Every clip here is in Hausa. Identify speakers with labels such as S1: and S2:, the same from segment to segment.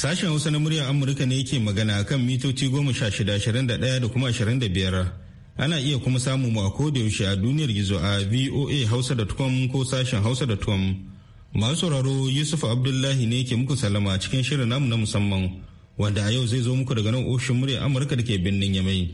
S1: Sashen Hausa na muryar Amurka ne yake magana kan mitoci goma sha shida ashirin da ɗaya da kuma ashirin da biyar. Ana iya kuma samu mu a ko yaushe a duniyar gizo a VOA Hausa da voahausa.com ko sashen Hausa da hausa.com. Masu sauraro Yusuf Abdullahi ne ke muku salama cikin shirin namu na musamman wanda a yau zai zo muku daga nan ofishin muryar Amurka da ke birnin Yamai.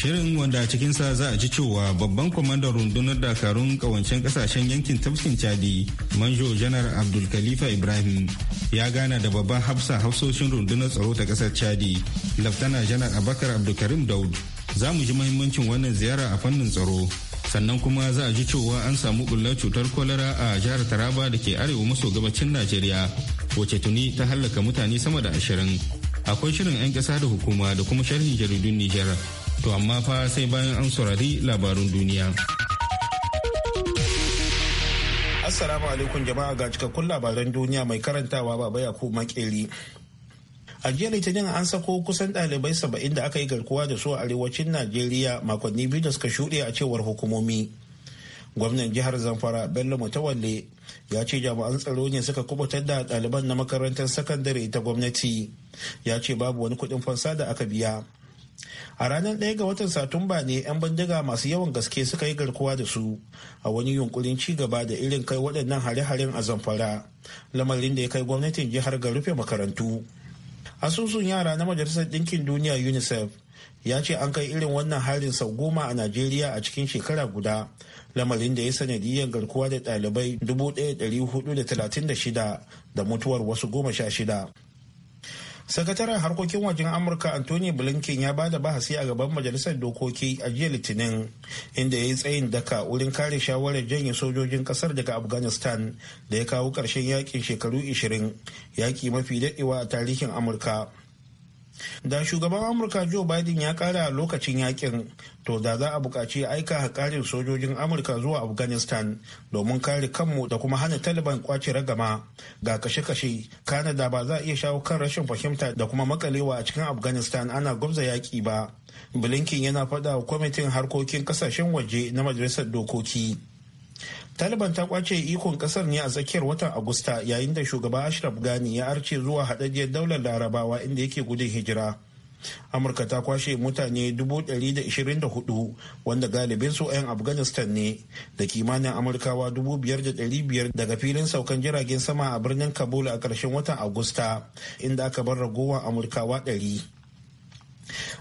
S1: Shirin wanda a cikinsa za a ji cewa babban kwamandan rundunar dakarun kawancen kasashen yankin tafkin Chadi, Manjo Janar Abdul Khalifa Ibrahim ya gana da babban hafsa hafsoshin rundunar tsaro ta kasar Chadi, Laftana Janar Abakar Abdulkarim Daud. Za mu ji mahimmancin wannan ziyara a fannin tsaro. Sannan kuma za a ji cewa an samu bullar cutar kwalara a jihar Taraba da ke arewa maso gabacin Najeriya, wacce tuni ta hallaka mutane sama da ashirin. akwai shirin 'yan ƙasa da hukuma da kuma sharhin jaridun Nijar. To amma fa sai bayan an saurari labarun duniya.
S2: Assalamu alaikum jama'a ga cikakkun labaran duniya mai karantawa baba Yakubu Makeri. a jiya litinin an sako kusan ɗalibai saba'in da aka yi garkuwa da su a arewacin najeriya makonni biyu da suka shuɗe a cewar hukumomi gwamnan jihar zamfara bello mutawalle ya ce jami'an tsaro ne suka kubutar da ɗaliban na makarantar sakandare ta gwamnati ya ce babu wani kuɗin fansa da aka biya a ranar ɗaya ga watan satumba ne 'yan bindiga masu yawan gaske suka yi garkuwa da su a wani yunkurin ci gaba da irin kai waɗannan hare-haren a zamfara lamarin da ya kai gwamnatin jihar ga rufe makarantu asusun yara na majalisar ɗinkin duniya unicef ya ce an kai irin wannan harin sau goma a najeriya a cikin shekara guda lamarin da ya sanadiyar garkuwa da ɗalibai 1,436 da mutuwar wasu goma sha shida. sakataren harkokin wajen amurka anthony blinken ya ba bada bahasi a gaban majalisar dokoki a jiya litinin inda ya yi tsayin daka wurin kare shawarar janye sojojin kasar daga afghanistan da ya kawo ƙarshen yakin shekaru 20 yaki mafi daɗewa a tarihin amurka da shugaban amurka joe biden ya kara lokacin yakin to da za a buƙaci aika karin sojojin amurka zuwa afghanistan domin kare kanmu da kuma hana taliban kwace ragama ga kashe-kashe kanada ba za a iya shawo kan rashin fahimta da kuma makalewa a cikin afghanistan ana gwabza yaƙi ba blinken yana faɗa wa kwamitin harkokin ƙasashen waje na majalisar dokoki taliban ta kwace ikon kasar ne a tsakiyar watan agusta yayin da shugaba ashraf gani ya arce zuwa hadajiyar daular larabawa inda yake gudun hijira amurka ta kwashe mutane 124 wanda galibin su 'yan afghanistan ne da kimanin amurkawa 5,500 daga filin saukan jiragen sama a birnin kabul a ƙarshen watan agusta inda aka bar ragowar amurkawa 100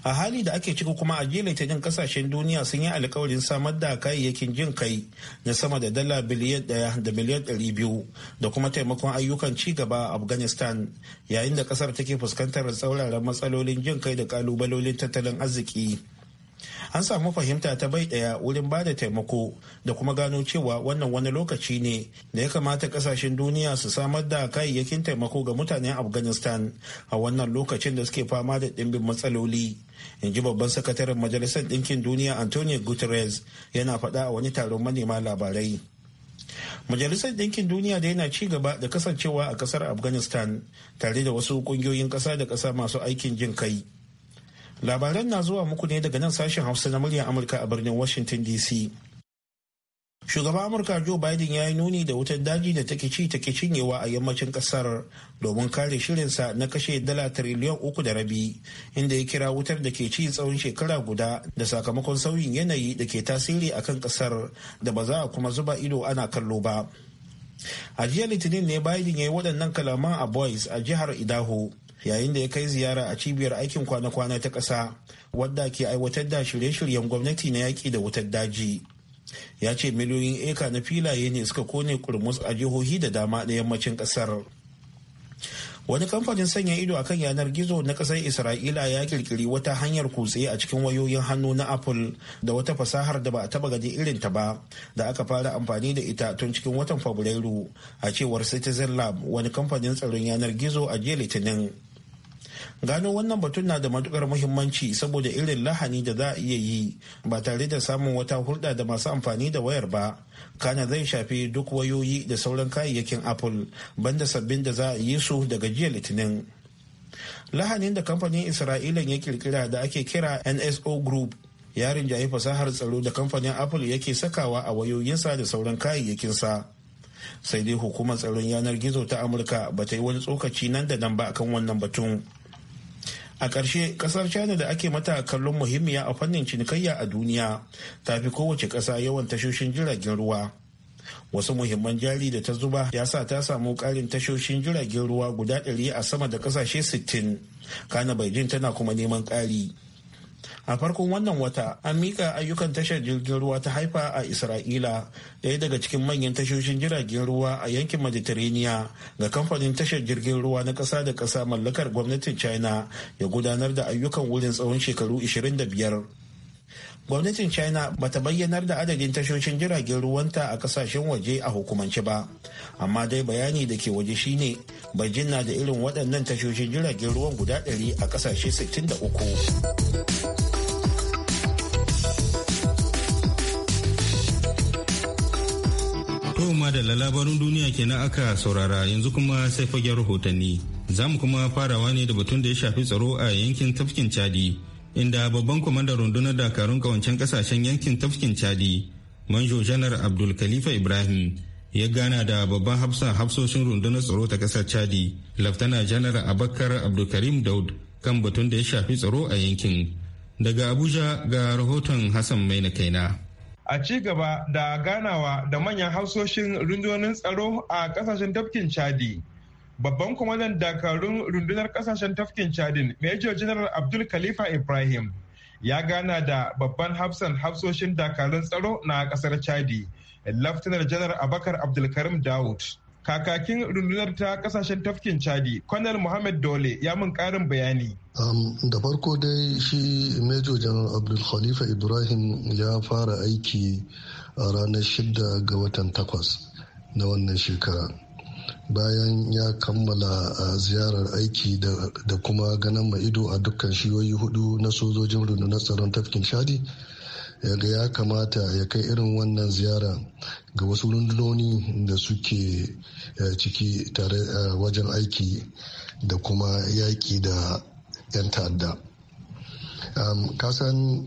S2: a hali da ake ciki kuma a jela ta jin kasashen duniya sun yi alkawarin samar da kayayyakin jin kai na sama da dala biliyan daya da miliyan ɗari biyu da kuma taimakon ayyukan ci gaba a afghanistan yayin da kasar take fuskantar tsauraran matsalolin jin kai da kalubalolin tattalin arziki an samu fahimta ta bai daya wurin ba da taimako da kuma gano cewa wannan wani lokaci ne da ya kamata kasashen duniya su samar da kayayyakin taimako ga mutanen afghanistan a wannan lokacin da suke fama da ɗimbin matsaloli in ji babban sakataren majalisar ɗinkin duniya antonio guterres yana faɗa a wani taron manema labarai majalisar ɗinkin duniya da yana ci gaba da kasancewa a ƙasar afghanistan tare da wasu ƙungiyoyin ƙasa da ƙasa masu aikin jin kai Labaran na zuwa muku ne daga nan sashen Hausa na muryar Amurka a birnin Washington DC. Shugaban Amurka Joe Biden ya yi nuni da wutar daji da take ci take cinyewa a yammacin kasar domin kare shirinsa na kashe dala tiriliyan uku da rabi inda ya kira wutar da ke ci tsawon shekara guda da sakamakon sauyin yanayi da ke tasiri akan kasar da ba za a kuma zuba ido ana kallo ba. A jiya Litinin ne Biden ya yi waɗannan kalaman a Boys a jihar Idaho. yayin da ya kai ziyara a cibiyar aikin kwana-kwana ta ƙasa wadda ke aiwatar da shirye-shiryen gwamnati na yaƙi da wutar daji ya ce miliyoyin eka na filaye ne suka kone kurmus a jihohi da dama na yammacin ƙasar wani kamfanin sanya ido akan yanar gizo na ƙasar isra'ila ya kirkiri wata hanyar kutse a cikin wayoyin hannu na apple da wata fasahar da ba a taba gani irin ta ba da aka fara amfani da ita tun cikin watan fabrairu a cewar citizen lab wani kamfanin tsaron yanar gizo a jiya litinin gano wannan batun na da matukar muhimmanci saboda irin lahani da za a iya yi ba tare da samun wata hulɗa da masu amfani da wayar ba kana zai shafi duk wayoyi da sauran kayayyakin apple banda sabbin da za a yi su daga jiya litinin lahanin da kamfanin isra'ilan ya kirkira da ake kira nso group ya rinjayi fasahar tsaro da kamfanin apple yake sakawa a wayoyinsa da sauran kayayyakinsa sai dai hukumar tsaron yanar gizo ta amurka ba ta yi wani tsokaci nan da nan ba akan wannan batun a ƙarshe ƙasar china da ake mata kallon muhimmiya a fannin cinikayya a duniya ta fi kowace ƙasa yawan tashoshin jiragen ruwa wasu muhimman jari da ta zuba ya sa ta samu ƙarin tashoshin jiragen ruwa guda ɗari a sama da ƙasashe 60 kana beijing tana kuma neman ƙari a farkon wannan wata an mika ayyukan tashar jirgin ruwa ta haifa a isra'ila daya daga cikin manyan tashoshin jiragen ruwa a yankin mediterranean ga kamfanin tashar jirgin ruwa na ƙasa da ƙasa mallakar gwamnatin china ya gudanar da ayyukan wurin tsawon shekaru 25 gwamnatin china bata bayyanar da adadin tashoshin jiragen ruwanta a kasashen waje a hukumance ba amma dai bayani da ke waje shine beijing na da irin waɗannan tashoshin jiragen ruwan guda 100 a kasashe 63
S1: To da labarin duniya kenan aka saurara yanzu kuma sai fagen rahotanni. Za mu kuma farawa ne da batun da ya shafi tsaro a yankin tafkin Chadi, inda babban kwamandan rundunar dakarun kawancen kasashen yankin tafkin Chadi, Manjo Janar Abdul Khalifa Ibrahim, ya gana da babban hafsa hafsoshin rundunar tsaro ta kasar Chadi, Laftana Janar Abakar Abdulkarim Daud kan batun da ya shafi tsaro a yankin. Daga Abuja ga rahoton Hassan Maina Kaina.
S3: a ci gaba da ganawa da manyan hausoshin rundunonin tsaro a kasashen tafkin chadi babban kwamandan dakarun rundunar kasashen tafkin chadin major general abdul khalifa ibrahim ya gana da babban hafsan hafsoshin dakarun tsaro na kasar chadi laftanar janar abakar abdulkarim daud kakakin rundunar ta kasashen tafkin chadi kwanar
S4: muhammad dole ya mun karin bayani da farko dai shi major general abdul khalifa ibrahim ya fara aiki a ranar shida ga watan takwas na wannan shekara bayan ya kammala ziyarar aiki da kuma ganin ido a dukkan shiyoyi hudu na sojojin rundunar tsaron tafkin shadi yaga ya kamata ya kai irin wannan ziyara ga wasu rundunoni da suke eh, ciki tare eh, wajen aiki da kuma yaƙi da 'yan ta'adda kasan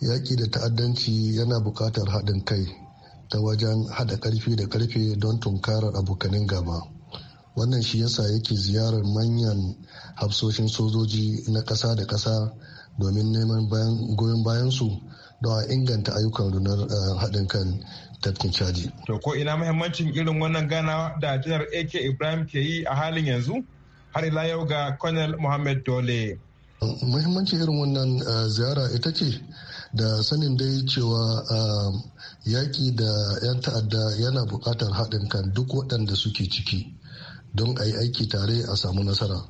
S4: yaƙi da ta'addanci yana buƙatar haɗin kai ta wajen haɗa ƙarfi da ƙarfe don tunkarar abokanin gaba wannan shi yasa yake ziyarar manyan hafsoshin sojoji na ƙasa da ƙasa domin neman goyon bayansu don a inganta ayyukan runar eh, haɗin kan tafkin caji. To ko ina
S3: muhimmancin irin wannan ganawa da jihar AK Ibrahim ke yi a halin yanzu? har ila yau
S4: ga Colonel Mohammed Dole. Muhimmanci irin wannan uh, ziyara ita ce da sanin dai cewa um, yaƙi da 'yan ta'adda yana buƙatar haɗin kan duk waɗanda suke ciki don a yi aiki tare a samu nasara.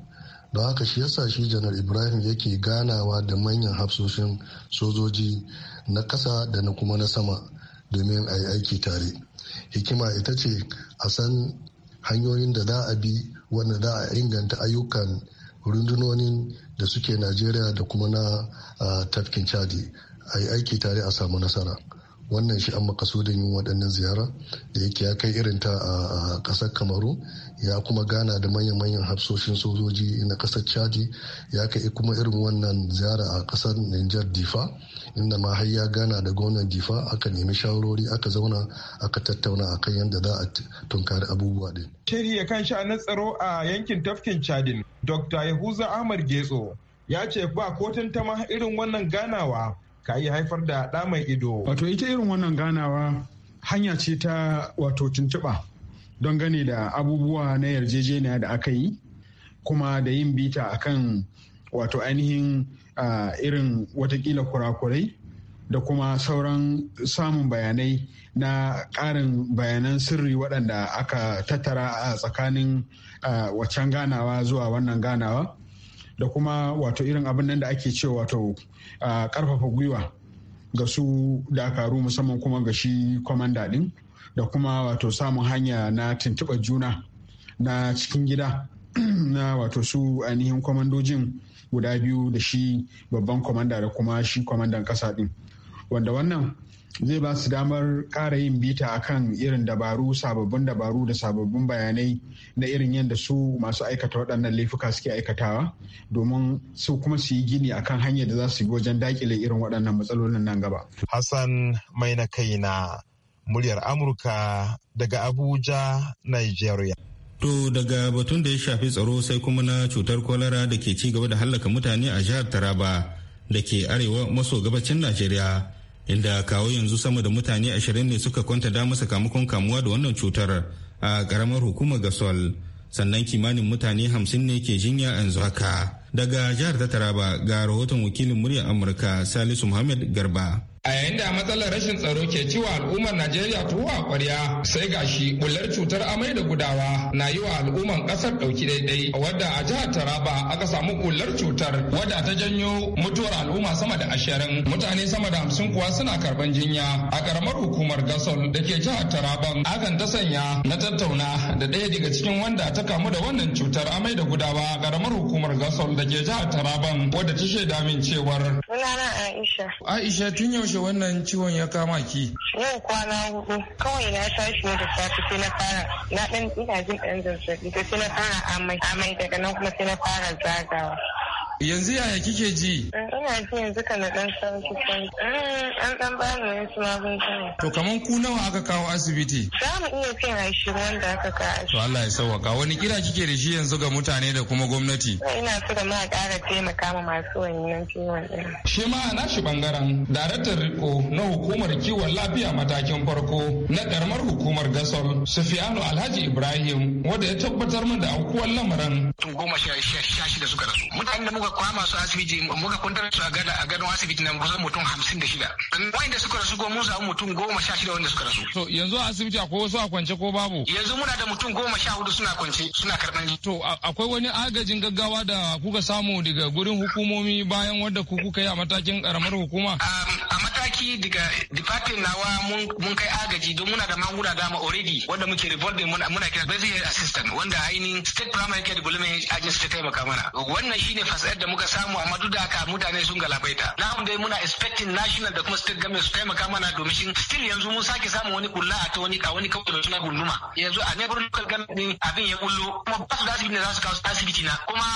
S4: ba haka shi yasa shi janar ibrahim yake ganawa da manyan hafsoshin sojoji na ƙasa da na kuma na sama domin a yi aiki tare hikima ita ce a san hanyoyin da za a bi wanda za a inganta ayyukan rundunonin da suke najeriya da kuma na ah, tafkin chadi a yi aiki tare a samu nasara wannan shi an makasudin yin waɗannan ziyara da yake ya kai irin ta a ƙasar kamaru ya kuma gana da manya-manyan hafsoshin sojoji na ƙasar chadi ya kai kuma irin wannan ziyara a ƙasar niger difa inda ma har ya gana da gwamnan difa aka nemi shawarori aka zauna aka tattauna akan yadda za a tunkari abubuwa ɗin.
S3: shiri kan sha na tsaro a yankin tafkin chadin dr yahuza ahmad getso ya ce ba ko tantama irin wannan ganawa ka yi haifar da ɗa mai ido.
S5: Wato ita irin wannan ganawa hanya ce ta wato tuntuɓa don gane da abubuwa na yarjejeniya da aka yi kuma da yin bita akan wato ainihin irin watakila kurakurai da kuma sauran samun bayanai na ƙarin bayanan sirri waɗanda aka tattara a tsakanin waccan ganawa zuwa wannan ganawa da kuma wato irin abin nan da ake ce wato karfafa gwiwa ga su dakaru musamman kuma ga shi kwamanda ɗin. da kuma wato samun hanya na tuntuɓar juna na cikin gida na wato su ainihin kwamandojin guda biyu da shi babban kwamanda da kuma shi kwamandan ƙasa ɗin wanda wannan zai ba su damar kara yin bita a kan irin dabaru sababbin dabaru da sababbin bayanai na irin yadda su masu aikata waɗannan laifuka suke aikatawa domin su kuma su yi gini kan hanyar da za su yi wajen dakile irin waɗannan
S3: matsalolin nan gaba. Hassan mai na kai na muryar Amurka
S1: daga Abuja, Nigeria. To daga batun da ya shafi tsaro sai kuma na cutar kwalara da ke ci gaba da hallaka mutane a jihar Taraba da ke arewa maso gabacin Najeriya. inda kawo yanzu sama da mutane ashirin ne suka kwanta da masa kamakon kamuwa da wannan cutar a karamar hukumar gasol sannan kimanin mutane hamsin ne ke jinya yanzu haka daga jihar ta taraba ga rahoton wakilin muryar amurka salisu muhammad garba
S6: a yayin da matsalar rashin tsaro ke ciwa al'ummar najeriya tuwo a kwarya sai gashi bular cutar amai da gudawa na yi wa al'umman kasar dauki daidai wadda a jihar taraba aka samu bular cutar wadda ta janyo mutuwar al'umma sama da ashirin mutane sama da hamsin kuwa suna karban jinya a karamar hukumar gasol da ke jihar taraban akan ta sanya na tattauna da ɗaya daga cikin wanda ta kamu da wannan cutar amai da gudawa a karamar hukumar gasol da ke jihar taraban wadda ta shaida min cewar aisha tun yaushe yaushe wannan ciwon ya kama ki? Yau kwana hudu kawai na tashi ne da safe sai na fara na dan ina jin dan zazzabi sai na fara amai amai daga nan kuma sai na
S7: fara zagawa.
S6: Yanzu yaya kike ji?
S7: Eh, ina ji yanzu kana dan sauki
S8: eh, An dan bani wasu magunguna.
S6: To kaman ku nawa aka kawo asibiti?
S8: Za mu iya kai ashirin wanda aka kawo.
S6: To Allah ya sauwaka. Wani kira kike da shi yanzu ga mutane da kuma gwamnati?
S1: Ina so da ma ƙara taimaka ma masu wannan ciwon ɗin. Shi ma a nashi bangaren
S6: daraktan riko na hukumar kiwon lafiya matakin farko na ƙaramar hukumar gasar Sufiyanu Alhaji Ibrahim wanda ya tabbatar min da aukuwar lamarin.
S9: Tun goma sha
S10: shida suka rasu. Mutanen da muka kwama su asibiti muka kwantar su a gada a gadon asibiti na kusan mutum hamsin da shida da suka rasu ko mun samu mutum goma sha shida wanda suka rasu.
S6: to yanzu a asibiti akwai wasu a kwance ko babu.
S10: yanzu muna da mutum goma sha hudu suna
S6: kwance suna karɓar to akwai wani agajin gaggawa da kuka samu daga gurin hukumomi bayan wanda kuka yi a matakin ƙaramar hukuma. Um,
S10: a mataki daga department nawa mun kai agaji don muna da magunguna dama already wanda muke revolving muna muna kira basic health assistant wanda ainihin state primary care development agency ta taimaka mana wannan shine fasayar da muka samu amma duk da haka mutane sun galabaita na dai muna expecting national da kuma state government su taimaka mana domin still yanzu mun sake samu wani kulla a ta wani a wani kawai da suna gunduma yanzu a neighbor local government abin ya kullo kuma ba su da asibiti za su kawo asibiti na kuma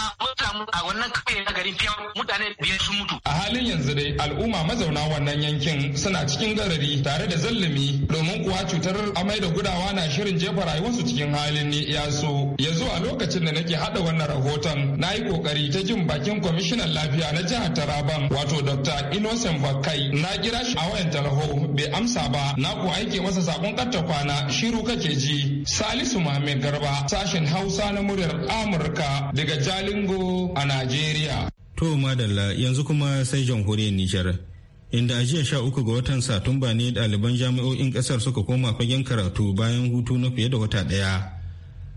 S10: mun a wannan kauye na garin fiyan mutane biyar sun
S6: mutu a halin yanzu dai al'umma mazauna wannan yankin yankin suna cikin garari tare da zallumi domin kuwa cutar amai da gudawa na shirin jefa rayuwarsu cikin halin ni ya so ya lokacin da nake hada wannan rahoton na yi kokari ta jin bakin kwamishinan lafiya na jihar taraban wato dr innocent bakai na kira shi a wayan talaho bai amsa ba na ku aike masa sakon karta kwana shiru kake ji salisu mahammed garba sashen hausa na muryar amurka
S1: daga jalingo a najeriya to madalla yanzu kuma sai jamhuriyar nijar inda a jiya sha uku ga watan satumba ne ɗaliban jami'o'in ƙasar suka koma fagen karatu bayan hutu na fiye da wata ɗaya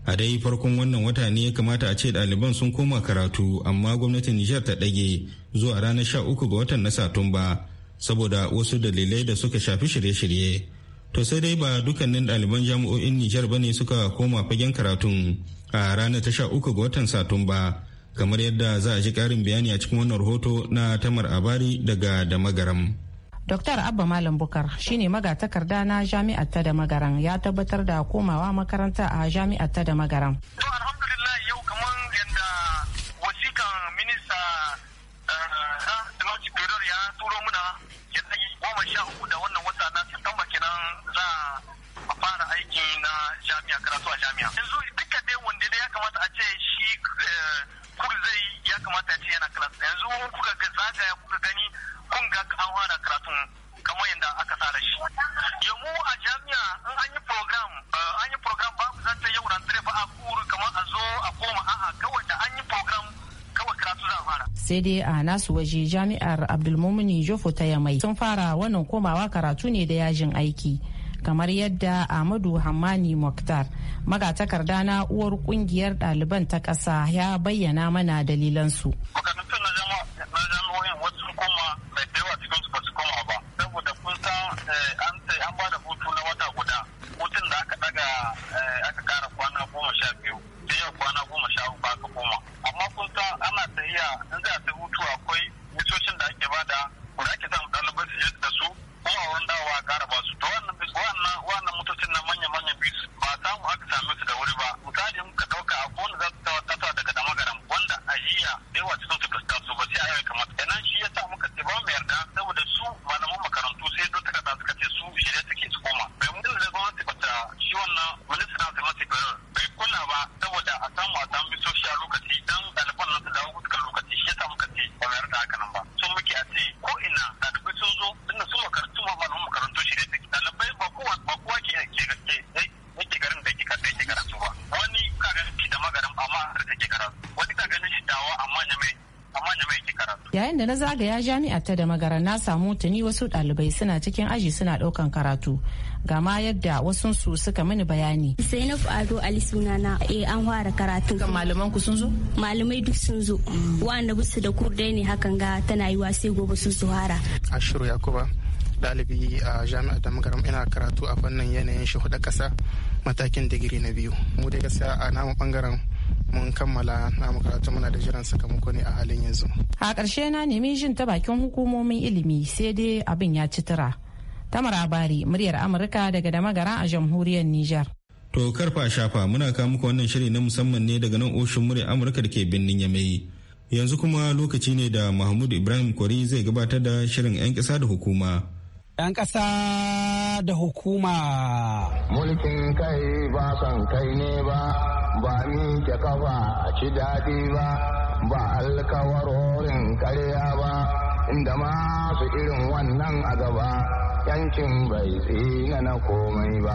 S1: a dai farkon wannan wata ne ya kamata a ce ɗaliban sun koma karatu amma gwamnatin nijar ta ɗage zuwa ranar sha uku ga watan na satumba saboda wasu dalilai da suka shafi shirye-shirye to sai dai ba dukkanin ɗaliban jami'o'in nijar ba ne suka koma fagen karatun a ranar ta sha uku ga watan satumba kamar yadda za a ji karin bayani a cikin wannan rahoto na tamar abari daga damagaram
S8: Dr. Abba Malam Bukar shine magatakarda na jami'ar ta da magaran ya tabbatar da komawa makaranta a jami'ar ta da magaran. To alhamdulillah yau kamar
S9: yadda wasikan minista eh,
S11: Nauci Pedro ya turo muna yadda goma sha uku da wannan wata na Septemba kenan za a fara aiki na jami'a karatu a jami'a. Yanzu duka dai wanda ya kamata a ce shi eh, school zai ya kamata ce yana karatu yanzu kuka ga zagaya kuka gani kun ga an fara karatun kamar yadda aka tsara shi yamu a jami'a in an yi program eh, an yi program babu ta yau rantsare ba a kuru kamar a zo a koma a'a kawai da an yi program
S8: kawai karatu za a fara sai dai a nasu waje jami'ar abdulmumini jofo ta yamai sun fara wannan komawa karatu ne da yajin aiki kamar yadda ahmadu hamani moktar magatakarda na uwar kungiyar ɗaliban ta ƙasa ya bayyana mana dalilansu da na zagaya jami'a ta da magara na samu tuni wasu dalibai suna cikin aji suna daukan karatu gama yadda wasu su suka mini bayani.
S12: Zainab Ado Ali sunana eh an fara karatu. Kan malaman ku sun zo? Malamai duk sun zo. wanda busu da kurdai ne hakan ga tana yiwa sai gobe sun su fara.
S2: Ashiru
S1: Yakuba. dalibi a jami'a da magaram ina karatu a fannin yanayin shi hudu kasa matakin digiri na biyu mu da gaskiya a namu bangaren mun kammala na karatu muna da jiran
S13: sakamako ne a halin yanzu
S8: a ƙarshe na nemi jin ta bakin hukumomin ilimi sai dai abin ya ci tura tamara muryar amurka daga damagara a jamhuriyar nijar
S1: to karfa shafa muna kawo muku wannan shiri na musamman ne daga nan oshin muryar amurka da ke birnin yamai yanzu kuma lokaci ne da mahmud ibrahim kwari zai gabatar da shirin 'yan ƙasa da hukuma
S9: 'yan ƙasa da hukuma mulkin kai ba son kai ne ba ba ni kafa a ci daɗi ba ba alkawarorin karya ba inda masu irin wannan a gaba yankin bai tsina na komai ba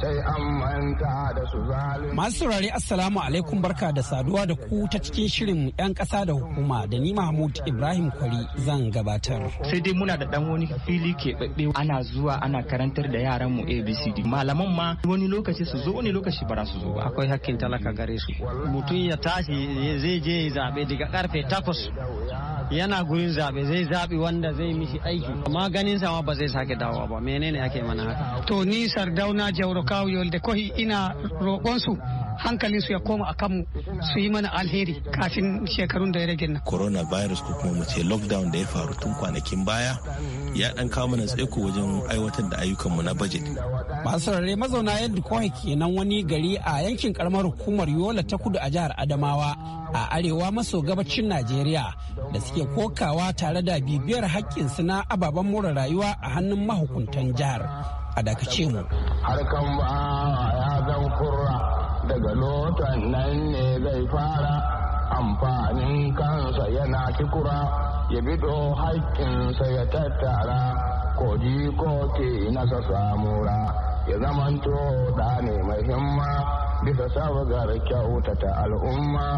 S9: sai an manta da su zalunci.
S10: Masu saurari Assalamu alaikum barka da saduwa da ku ta cikin shirin 'yan ƙasa da hukuma da ni Mahmud Ibrahim Kwari zan gabatar. Sai dai muna da ɗan wani
S13: fili keɓaɓɓe ana zuwa ana karantar da yaran mu ABCD. Malaman ma wani lokaci su zo wani lokaci bara su zo ba. Akwai hakkin talaka gare su.
S14: Mutum ya tashi zai je zaɓe daga karfe takwas yana gurin zaɓe zai zaɓi wanda zai mishi aiki amma ganin sama ba zai sake dawowa ba menene ake mana haka
S7: to ni sardauna jauro kawo yolde kohi ina roƙonsu su hankalin su ya koma a kanmu su yi mana alheri kafin shekarun da ya rage nan.
S11: coronavirus ko kuma mu ce lockdown da ya faru tun kwanakin baya ya dan kawo mana tsaiko wajen aiwatar da ayyukanmu na budget.
S10: masu rarre mazauna yadda kawai kenan wani gari a yankin karamar hukumar yola ta kudu a jihar adamawa a arewa maso gabacin najeriya da suke kokawa tare da bibiyar haƙƙinsu na ababen more
S9: rayuwa a hannun mahukuntan jihar a dakace mu. Harkan daga lotan nan ne zai fara amfanin kansa yana kikura ya bido haƙƙinsa ya tattara ko ko ke nasa samura ya zamanto da ne mai himma bisa sabgar kyautata al'umma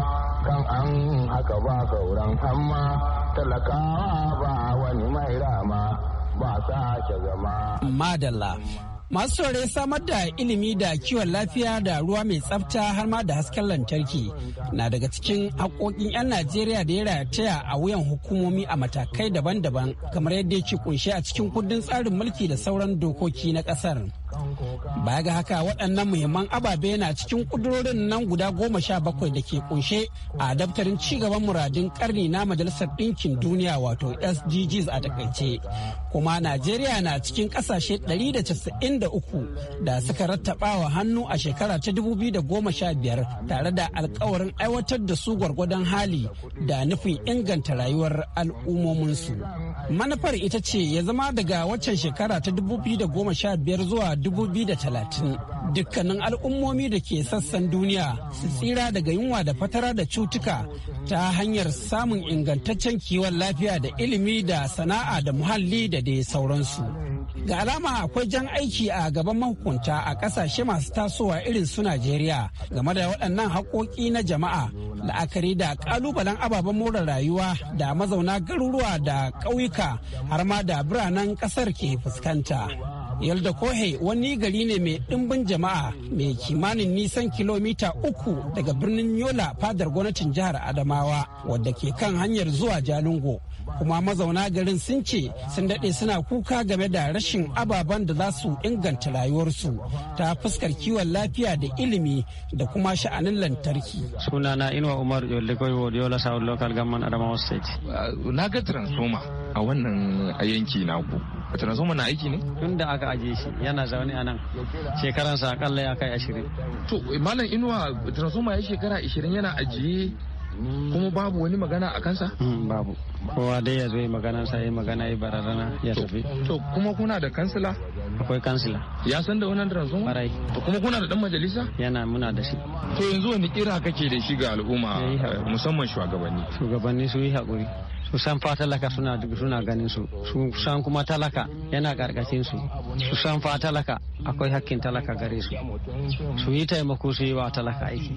S9: kan an haka ba sauran hamma talakawa ba wani mai rama ba sake zama
S10: madalla Masu saurare samar da ilimi da kiwon lafiya da ruwa mai tsafta har ma da hasken lantarki na daga cikin haƙoƙin 'yan Najeriya da ya rataya a wuyan hukumomi a matakai daban-daban kamar yadda yake kunshe a cikin kundin tsarin mulki da sauran dokoki na ƙasar. Baya ga haka waɗannan muhimman ababe na cikin ƙudurorin nan guda goma sha bakwai da ke kunshe a daftarin cigaban muradin ƙarni na Majalisar Ɗinkin Duniya wato SDGs a takaice. Kuma Najeriya na cikin ƙasashe 193 da suka wa hannu a shekara ta 2015 tare da alkawarin aiwatar da su gwargwadon hali da nufin inganta rayuwar al'ummominsu. Manufar ita ce ya zama daga waccan shekara ta 2015 zuwa 2030 dukkanin al'ummomi da ke sassan duniya su tsira daga yunwa da fatara da cutuka ta hanyar samun ingantaccen kiwon lafiya da ilimi da sana'a da muhalli da dai sauransu. ga alama akwai jan aiki a gaban mahukunta a kasashe masu tasowa irin su najeriya game da waɗannan haƙoƙi na jama'a la'akari da ƙalubalen ababen more rayuwa da mazauna garuruwa da ƙauyuka har ma da biranen ƙasar ke fuskanta. Yalda Kohe wani gari ne mai ɗimbin jama'a mai kimanin nisan kilomita uku daga birnin Yola fadar gwamnatin jihar Adamawa wadda ke kan hanyar zuwa Jalingo. kuma mazauna garin sun ce sun daɗe suna kuka game da rashin ababen da za su inganta rayuwarsu ta fuskar kiwon lafiya da ilimi da kuma sha'anin lantarki.
S14: sunana inuwa umar da Yola sa'ul local government adamawa state. Uh, na ga transoma a wannan yanki A transoma na aiki ne? tun da aka ajiye shi yana zaune a nan shekaransa akalla ya kai ashirin.
S6: to malam inuwa transoma ya shekara ashirin yana ajiye kuma babu
S14: wani magana a kansa hmm, babu kowa dai ya zo yi magana sa yi magana yi bararana ya tafi to kuma kuna da kansila akwai kansila ya san da wannan transformer barai to kuma kuna da dan majalisa
S6: yana muna da shi to yanzu wani kira kake da shi ga al'umma musamman shugabanni
S14: shugabanni su yi hakuri su san fa talaka suna suna ganin su su san kuma talaka yana karkashin su su san fa talaka akwai hakkin talaka gare su su yi taimako su yi wa talaka aiki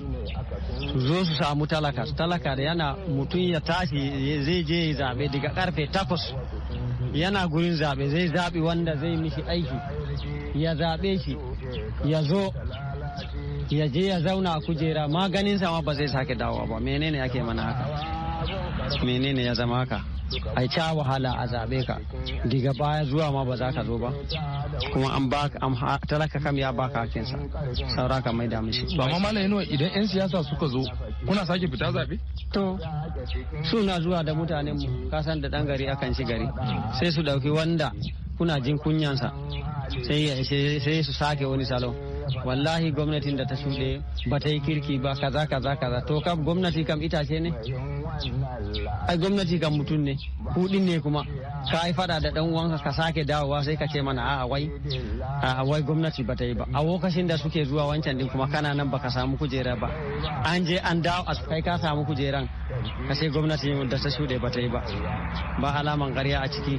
S14: su zo su samu talaka su talaka da yana mutum ya tashi zai je ya zabe daga karfe takwas yana gurin zabe zai zabi wanda zai mishi aiki ya zabe shi ya zo ya je ya zauna a kujera maganinsa ma ba zai sake dawowa ba menene ake mana haka
S10: menene ya zama ka ai ta
S14: wahala a zabe ka diga baya zuwa ma ba za ka zo ba kuma an ba talaka kam ya baka hakinsa saura ka mai da mishi to amma yanuwa idan yan siyasa suka zo kuna sake fita zabe to suna zuwa da mutanen mu kasan da dan gari akan shi gari sai su dauki wanda kuna jin kunyansa sai su sake wani salon wallahi gwamnatin da ta shuɗe ba ta yi kirki ba kaza kaza kaza to kam gwamnati kam itace ne ai gwamnati kam mutum ne kuɗin ne kuma ka yi fada da dan uwanka ka sake dawowa sai ka ce mana a wai a wai gwamnati ba ta yi ba a lokacin da suke zuwa wancan din kuma kana nan baka samu kujera ba an je an dawo a kai ka samu kujeran kashe gwamnati da ta shuɗe ba ta yi ba
S13: ba alaman ƙarya a ciki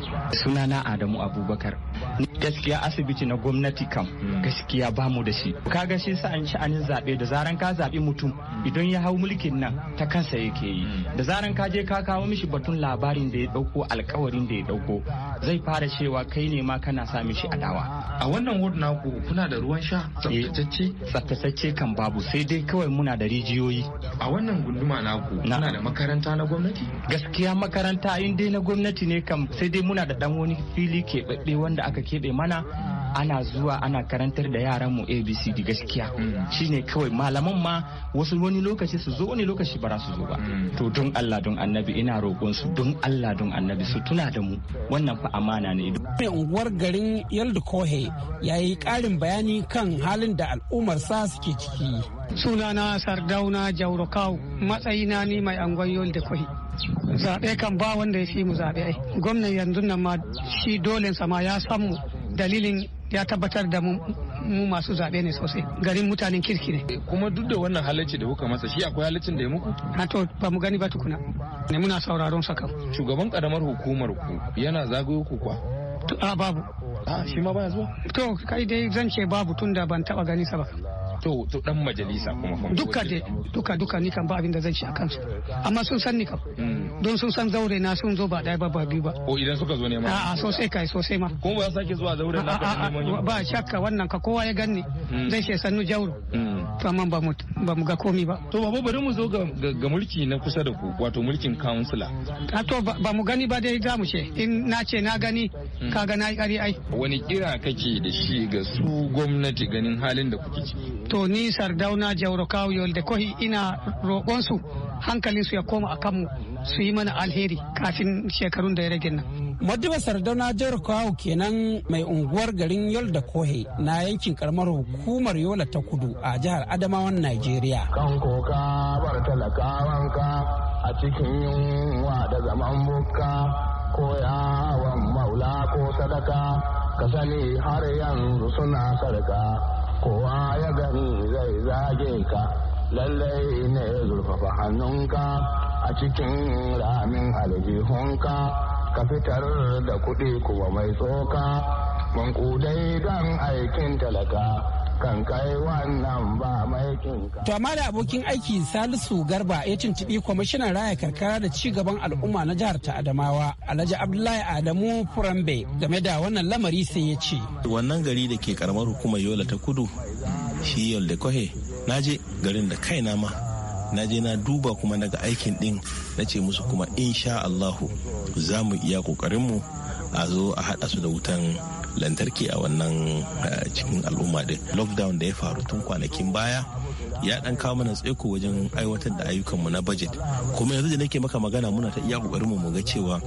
S13: na adamu abubakar gaskiya asibiti na gwamnati kam gaskiya ba mu da shi kaga shi sa'an sha'anin zaɓe da zaran ka zaɓi mutum idan ya hau mulkin nan ta kansa yake yi da zaran ka je ka kawo mishi batun labarin da ya ɗauko alkawarin da ya ɗauko zai fara cewa kai ne ma kana sa mishi adawa a wannan ward naku kuna da ruwan sha eh, tsaftatacce tsaftatacce kan babu sai dai kawai muna da rijiyoyi a wannan gunduma naku kuna da makaranta na gwamnati gaskiya makaranta in dai na gwamnati ne kam sai dai muna da dan wani fili keɓaɓɓe wanda aka keɓe mana ana zuwa ana karantar da yaran mu abcd gaskiya mm. shine kawai malaman ma wasu wani lokaci su zo wani lokaci ba su zo ba mm. to don allah don annabi ina roƙon su don allah don annabi su tuna da mu wannan fa amana ne
S10: mai unguwar
S7: garin yalda kohe ya yi ƙarin bayani kan halin da al'ummar sa suke ciki sunana sardauna jaurokau matsayina ni mai angon yalda kohe zaɓe kan ba wanda ya fi mu zaɓe ai gwamnan yanzu nan ma shi dole sama ya san mu dalilin ya tabbatar da mu masu zaɓe ne sosai garin mutanen kirki
S6: ne. kuma duk da wannan halacci da kuka masa shi akwai halaccin da ya muku?
S7: N'a to ba mu gani ba tukuna
S6: ne muna sauraron sa shugaban karamar hukumar ku yana zagayo ku kwa?
S7: a babu. a shi ma baya zuwa? to kai dai zan ce babu tun da ban taɓa gani sa ba. to
S6: to dan majalisa kuma fa
S7: duka dai duka duka ni kan ba abin da zan ci akan su amma sun san ni kam mm. don sun san zaure na sun zo ba dai ba ba biyu ba
S6: o idan suka zo ne ma a'a sosai kai sosai ma kuma
S7: ba sake zuwa zaure na ba shakka wannan ka kowa ya ganni mm. zai ce sannu jauro mm. to amma ba mu ba mu ga komi ba to babu bari mu zo ga
S6: mulki na kusa da ku wato mulkin councilor
S7: a to ba mu gani ba dai za mu ce in na ce na gani kaga na yi ai
S6: wani kira kake da shi ga su gwamnati ganin halin da kuke
S7: ciki to ni sardauna jauro kawo yolde kohi ina roƙonsu hankalinsu ya koma a kanmu su yi mana alheri kafin shekarun da ya rage nan Madiba Sardauna jauro Kawo
S10: kenan mai unguwar garin Yol da Kohe na yankin karamar hukumar Yola ta Kudu a jihar Adamawan Najeriya. Kan koka bar talakawanka a cikin yunwa da zaman bukka
S9: ko yawon maula ko sadaka ka sani har yanzu suna sarka. kowa ya gani zai zage ka lallai ne zurfafa hannunka a cikin ramin aljihunka ka fitar da kuɗi kuwa mai tsoka mankudai don aikin talaka kan kai wannan ba mai kinka. To
S10: amma da abokin aiki Salisu Garba ya tuntuɓi kwamishinan raya karkara da ci gaban al'umma na jihar ta Adamawa Alhaji Abdullahi Adamu Furambe game da wannan lamari sai ya ce.
S11: Wannan gari da ke karamar hukumar Yola ta Kudu shi Yola da Kohe na je garin da kaina ma na je na duba kuma naga aikin din na ce musu kuma insha Allahu za mu iya kokarin mu a zo a haɗa su da wutan lantarki a wannan eh, cikin al'umma din lockdown da ya faru tun kwanakin baya ya dan kawo mana tsaiko wajen aiwatar da ayyukanmu na budget kuma yanzu da nake maka magana muna ta iya kokarin mu ga cewa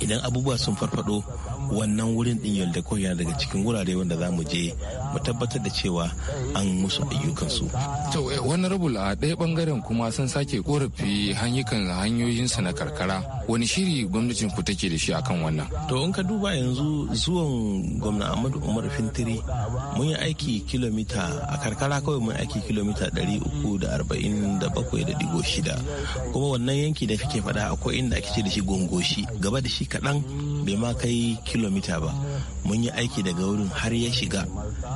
S11: idan abubuwa sun farfado wannan wurin din yalda ko daga cikin wurare wanda za mu je mu tabbatar da cewa an musu ayyukansu.
S6: to eh, wani rabula a ɗaya bangaren kuma sun sake korafi hanyukan hanyoyinsa na karkara wani shiri gwamnatin ku take da shi akan wannan.
S11: to in ka duba yanzu zuwan gwamna ahmadu umar fintiri mun yi aiki kilomita a karkara kawai mun aiki kilomita ɗari uku da da da arba'in bakwai digo shida kuma wannan yanki da kake faɗa akwai inda ake ce da shi gongoshi gaba da shi kaɗan bai ma kai kilomita ba mun yi aiki daga wurin har ya shiga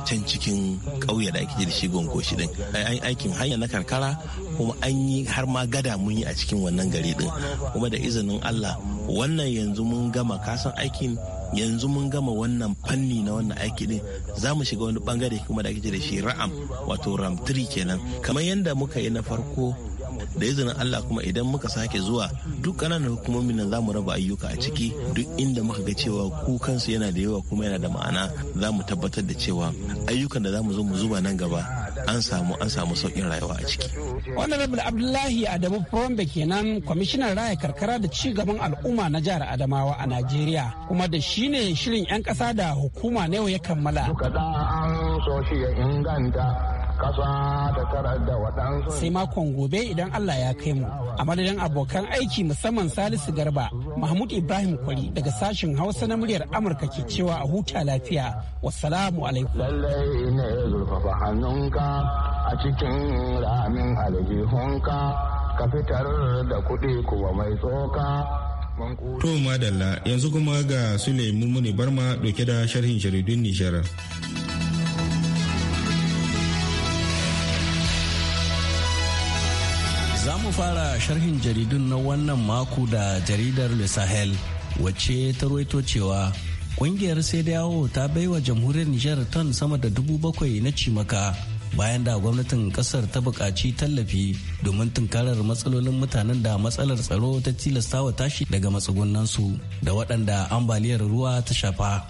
S11: can cikin ƙauye da ake da shi shi din an yi aikin hanya na karkara kuma an yi har ma gada mun yi a cikin wannan gari din kuma da izinin allah wannan yanzu mun gama kasan aikin yanzu mun gama wannan fanni na wannan aiki din za mu shiga wani bangare kuma da ake da shi ra'am wato ram 3 kenan kamar yadda muka yi na farko da izinin Allah kuma idan muka sake zuwa duk ƙananan hukumomin nan zamu raba ayyuka a ciki duk inda muka ga cewa kukansu yana da yawa kuma yana da ma'ana za mu tabbatar da cewa ayyukan da za mu zo mu zuba nan gaba an samu an samu sauƙin rayuwa a ciki.
S10: Wannan rabin Abdullahi Adamu Fombe kenan kwamishinan raya karkara da ci gaban al'umma na jihar Adamawa a Najeriya kuma da shi ne shirin 'yan ƙasa da hukuma na yau ya kammala. Duka da
S9: an so ya inganta kasa
S10: da waɗansu. sai makon gobe idan Allah ya kai mu a madadin abokan aiki musamman Salisu Garba Mahmud Ibrahim Kwari daga sashin Hausa na muryar Amurka ke cewa a huta lafiya wassalamu alaikum
S9: lallai ne zurfafa hannunka a cikin ramin aljihunka ka fitar da kuɗi kuwa mai tsoka
S1: To madalla yanzu kuma ga Suleiman Muni Barma doke
S12: da sharhin jaridun Nijar. mu fara sharhin jaridun na wannan mako da jaridar Le Sahel wacce ta ruwaito cewa kungiyar sai da yawo ta baiwa jamhuriyar Nijar ton sama da dubu bakwai na cimaka bayan da gwamnatin kasar ta buƙaci tallafi domin tunkarar matsalolin mutanen da matsalar tsaro ta tilasta wa tashi daga matsugunansu da waɗanda ambaliyar ruwa ta shafa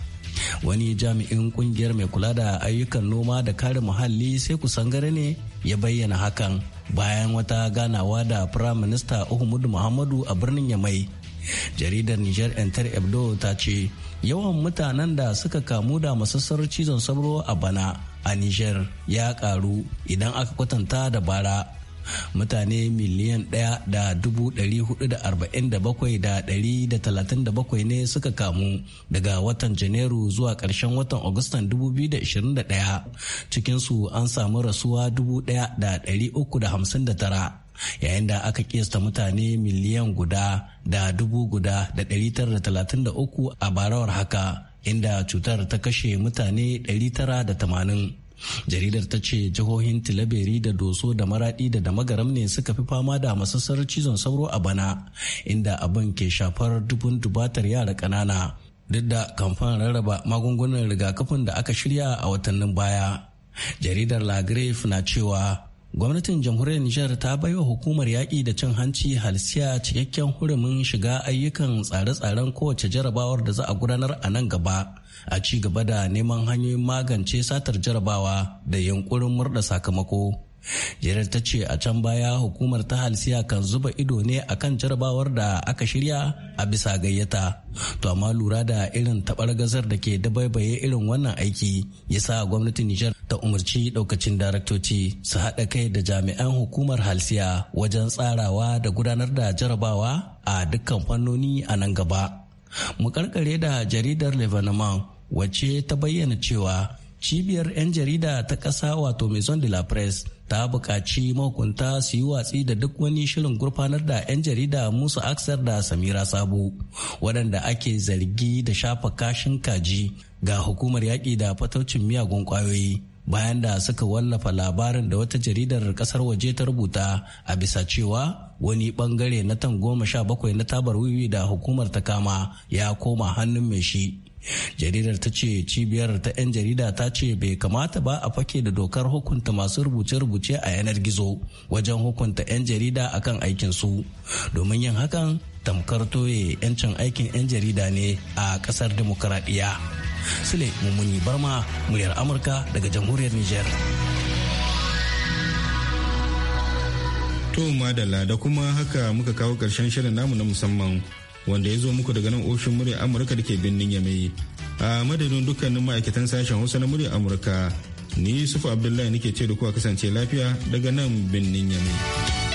S12: wani jami'in kungiyar mai kula da ayyukan noma da kare muhalli sai kusan gare ne ya bayyana hakan bayan wata ganawa da Prime Minister Uhumudu Muhammadu a birnin Yamai. Jaridar Niger Enter Ebdo ta ce yawan mutanen da suka kamu da masassar cizon sauro a bana a Niger ya karu idan aka kwatanta da bara. mutane miliyan ɗaya da dubu ɗari hudu da arba'in da bakwai da ɗari da talatin da bakwai ne suka kamu daga watan janairu zuwa ƙarshen watan agustan dubu biyu da ishirin da ɗaya cikinsu an samu rasuwa dubu ɗaya da ɗari uku da hamsin da tara yayin da aka kiyasta mutane miliyan guda da dubu guda da ɗari tara da talatin da uku a barawar haka inda cutar ta kashe mutane tara da tamanin. jaridar ta ce jihohin tilaberi da doso da maradi da damagaram ne suka fi fama da masassar cizon sauro a bana inda abin ke shafar dubun dubatar yara ƙanana duk da kamfan rarraba magungunan rigakafin da aka shirya a watannin baya jaridar lagrave na cewa gwamnatin jamhuriyar nijar ta baiwa hukumar yaƙi da cin hanci halsiya cikakken hurumin shiga ayyukan tsare-tsaren kowace jarabawar da za a gudanar a nan gaba a ci gaba da neman hanyoyin magance satar jarabawa da yunkurin murda sakamako jirar ta ce a can baya hukumar ta halsiya kan zuba ido ne a kan jarabawar da aka shirya a bisa gayyata to amma lura da irin tabar gazar da ke da dabaibaye irin wannan aiki ya sa gwamnatin nijar ta umarci daukacin daraktoci su haɗa kai da jami'an hukumar halsiya wajen tsarawa da gudanar da jarabawa a dukkan fannoni a nan gaba mu karkare da jaridar lebanon wacce ta bayyana cewa cibiyar 'yan jarida ta ƙasa wato maison de la presse ta buƙaci mahukunta su yi watsi da duk wani shirin gurfanar da 'yan jarida musa aksar da samira sabo waɗanda ake zargi da shafa kashin kaji ga hukumar yaƙi da fataucin miyagun ƙwayoyi bayan da suka wallafa labarin da wata jaridar ƙasar waje ta rubuta a bisa cewa wani bangare na tan goma sha bakwai na tabar wiwi da hukumar ta kama ya koma hannun mai shi jaridar ta ce cibiyar ta 'yan jarida ta ce bai kamata ba a fake da dokar hukunta masu rubuce-rubuce a yanar gizo wajen hukunta 'yan jarida akan su domin yin hakan tamkar toye 'yancin aikin 'yan jarida ne a kasar demokuraɗiyya sule mummuni barma muryar amurka daga jamhuriyar niger
S1: to madala da kuma haka muka kawo ƙarshen shirin namu na musamman wanda ya zo muku daga nan ofishin murya amurka da ke birnin yamai a madadin dukkanin ma'aikatan sashen hausa na murya amurka ni sufa abdullahi nake ce da kuwa kasance lafiya daga nan birnin yamai